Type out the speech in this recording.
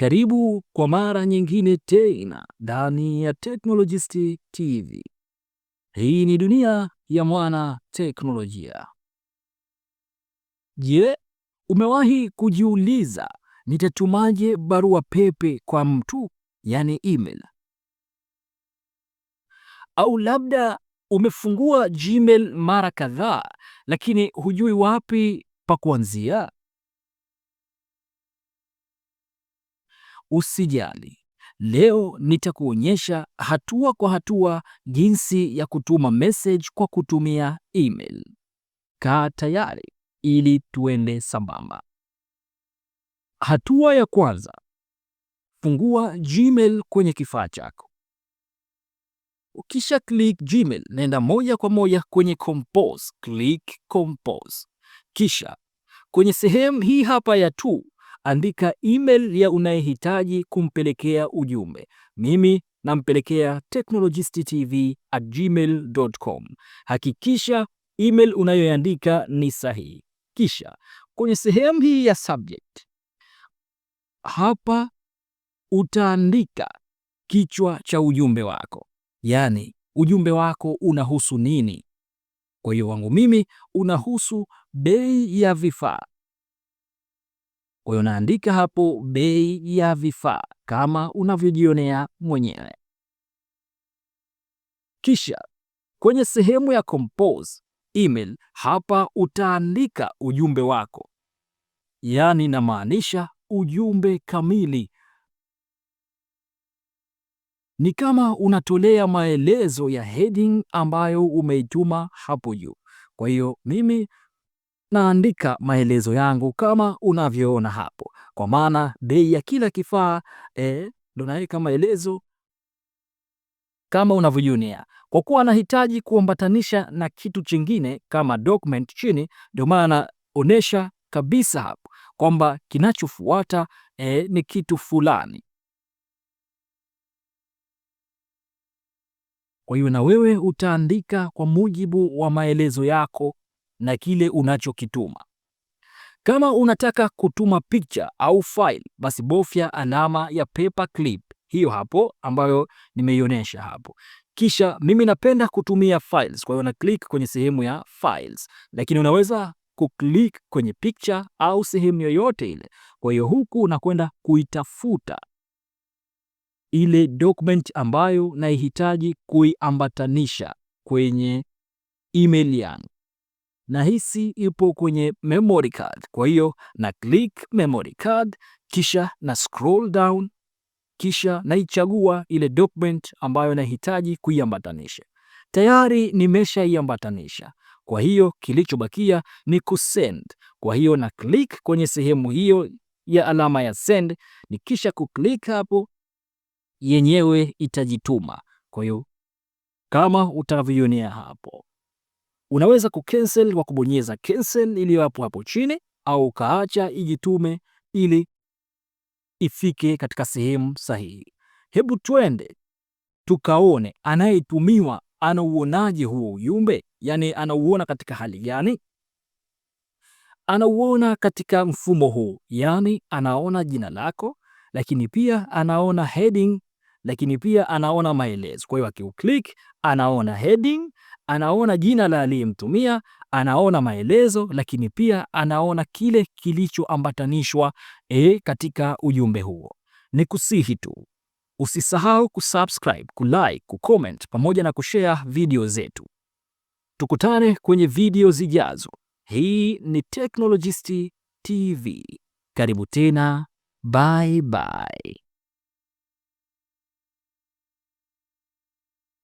Karibu kwa mara nyingine tena ndani ya Technologist TV. Hii ni dunia ya mwana teknolojia. Je, umewahi kujiuliza nitatumaje barua pepe kwa mtu, yani email? Au labda umefungua Gmail mara kadhaa, lakini hujui wapi pa kuanzia. Usijali, leo nitakuonyesha hatua kwa hatua jinsi ya kutuma message kwa kutumia email. Kaa tayari ili tuende sambamba. Hatua ya kwanza, fungua Gmail kwenye kifaa chako. Ukisha click Gmail, nenda moja kwa moja kwenye compose. Click compose, kisha kwenye sehemu hii hapa ya tool, andika email ya unayehitaji kumpelekea ujumbe. Mimi nampelekea technologisttv@gmail.com. Hakikisha email unayoandika ni sahihi. Kisha kwenye sehemu hii ya subject, hapa utaandika kichwa cha ujumbe wako, yaani ujumbe wako unahusu nini. Kwa hiyo wangu mimi unahusu bei ya vifaa kwa hiyo naandika hapo bei ya vifaa kama unavyojionea mwenyewe. Kisha kwenye sehemu ya compose email, hapa utaandika ujumbe wako, yaani namaanisha ujumbe kamili. Ni kama unatolea maelezo ya heading ambayo umeituma hapo juu. Kwa hiyo mimi naandika maelezo yangu kama unavyoona hapo, kwa maana bei ya kila kifaa eh, ndo naweka maelezo kama unavyojionea. Kwa kuwa nahitaji kuambatanisha na kitu chingine kama document chini, ndio maana onyesha kabisa hapo kwamba kinachofuata eh, ni kitu fulani. Kwa hiyo na wewe utaandika kwa mujibu wa maelezo yako na kile unachokituma. Kama unataka kutuma picha au file, basi bofya alama ya paper clip hiyo hapo ambayo nimeionyesha hapo. Kisha mimi napenda kutumia files, kwa hiyo na click kwenye sehemu ya files, lakini unaweza kuklik kwenye picture au sehemu yoyote ile. Kwa hiyo huku unakwenda kuitafuta ile document ambayo naihitaji kuiambatanisha kwenye email yangu nahisi ipo kwenye memory card. Kwa hiyo na click memory card, kisha na scroll down, kisha naichagua ile document ambayo nahitaji kuiambatanisha. Tayari nimeshaiambatanisha, kwa hiyo kilichobakia ni kusend. Kwa hiyo na click kwenye sehemu hiyo ya alama ya send, nikisha kuklik hapo yenyewe itajituma. Kwa hiyo kama utavionea hapo Unaweza kucancel kwa kubonyeza cancel iliyo hapo hapo chini, au ukaacha ijitume ili ifike katika sehemu sahihi. Hebu twende tukaone anayetumiwa anauonaje huo ujumbe, yaani anauona katika hali gani? Anauona katika mfumo huu, yaani anaona jina lako, lakini pia anaona heading, lakini pia anaona maelezo. Kwa hiyo akiuklik anaona heading anaona jina la aliyemtumia, anaona maelezo, lakini pia anaona kile kilichoambatanishwa e, katika ujumbe huo. Ni kusihi tu usisahau kusubscribe, kulike, kucomment pamoja na kushare video zetu. Tukutane kwenye video zijazo. Hii ni Technologist TV. Karibu tena. Bye bye.